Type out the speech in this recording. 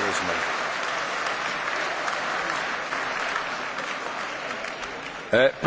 Rosemary. Uh, e,